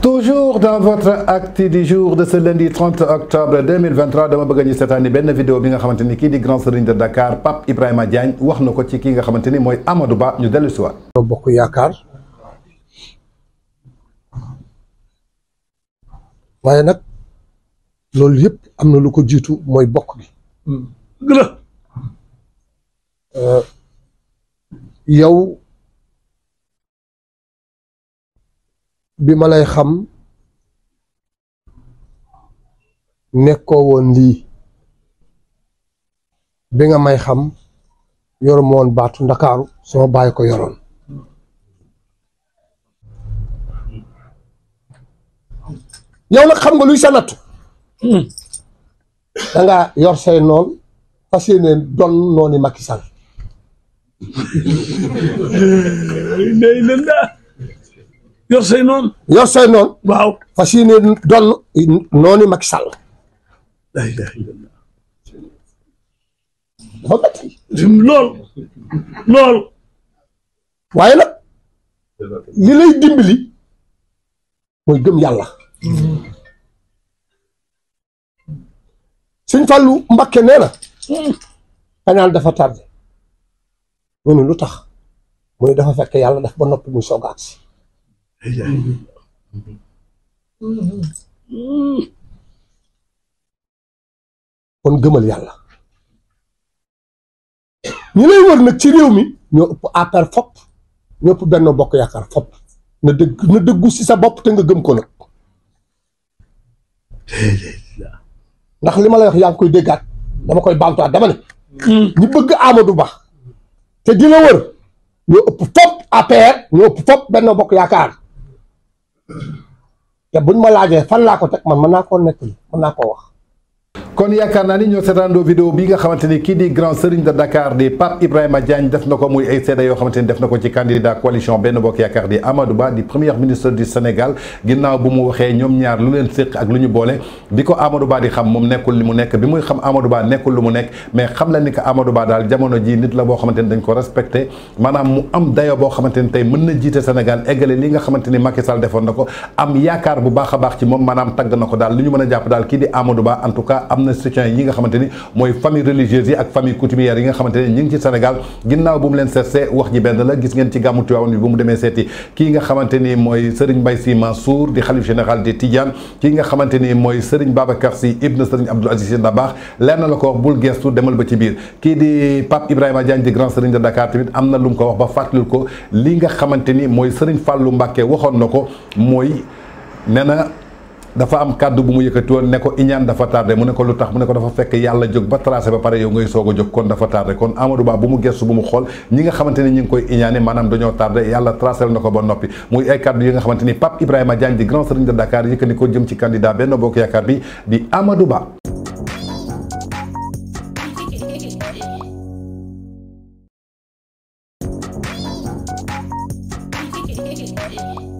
Toujours dans votre acte du jour de ce lundi 30 octobre 2023 dama bëgg ñu seetaani benn vidéo bi nga xamante ni di grand serigne de Dakar Pape Ibrahim Diagne wax na ko ci kii nga xamante ni mooy Amadou Ba ñu dellu soir. waat. bokk yaakaar waaye nag loolu yëpp am na lu ko jiitu mooy bokk bi. Ờ, gră. yow bi ma lay xam nekkoo woon lii bi nga may xam yorom woon baatu ndakaaru sama bàyyi ko yoroon yow nag xam nga luy sa nattu hmm. da nga yor say noon fas yéene doon noonu Macky Sall. nee na la yor say noonu. yor say noonu. waaw fas yéene doon noonu Macky Sall. dafa métti. lool lool. waaye nag li lay dimbali mooy gëm yàlla Sëñ Fallu Mbakke nee canal dafa tardé mu lutax moy dafa fekk yalla daf ba nopi muy soog a kon gëmal yalla ñu lay wër nak ci réew mi ñoo ëpp APR fop ño upp Benno Bokk yaakar fop na dëgg na dëggu ci sa bop te nga gëm ko nak ndax lima lay wax yaa koy dama koy baamtuwaat dama ne. Hmm. ñu bëgg Amadou Ba. te di la wër ñoo ëpp fopp APR ñoo ëpp fopp Benno Bokk Yaakaar te buñ ma laajee fan laa ko teg man mën naa koo nettali mën naa koo wax. kon yaakaar naa ni ñoo seetaandoo vidéo bi nga xamante ni kii di grand serigne de Dakar di Pape Ibrahima Diagne def na ko muy ay seede yoo xamante ni def na ko ci candidat coalition benn bokk yaakaar di Amadou Ba waxee ñoom ñaar lu leen séq ak lu ñu boole bi ko Amadou Ba di moom nekkul li mu nekk bi muy xam Amadou Ba nekkul lu mu nekk mais xam la ni que Amadou Ba jamono ji nit la boo xamante ni dañ ko respecté maanaam mu am xamante ni tey mën na jiite Sénégal eggale li nga xamante ni Macky Sall defoon na ko am yaakaar bu baax a baax ci moom maanaam tagg na ko daal li ñu mën a jàpp daal kii di Amadou en tout cas am na soutien yi nga xamante ni mooy famille religieuse yi ak famille coutumière yi nga xamante ni ci Sénégal ginnaaw bu mu leen seetsee wax ji benn la gis ngeen ci gàmmu Tiwaawan bi bu mu demee seeti kii nga xamante mooy Serigne Mbaye Sy Mansour di xalif général des Tidianes kii nga xamante ni ibn Serigne Abdoul Aziz Sy Dabakh leer la ko wax bul geestu demal ba ci biir kii di Pape Ibrahima Diagne di grand Serigne de Dakar tamit am na lu mu ko wax ba fàttalil ko li nga xamante ni mooy Serigne Fallou Mbacké waxoon na ko mooy nee dafa am kaddu bu mu yëkëti won ne ko iñan dafa tardé mu ne ko lutax mu ne ko dafa fekk yalla jog ba tracé ba paré yow ngay sogo jog kon dafa tardé kon Amadou Ba bu mu gessu bu mu xol ñi nga xamanteni ne ñi ngi koy iñané manam dañoo tardé yalla tracé na ko ba nopi muy ay kaddu yi nga xamanteni pap Ibrahima Diagne di grand serigne de Dakar yëkëni ko jëm ci candidat Benno bok Yaakaar bi di Amadou Ba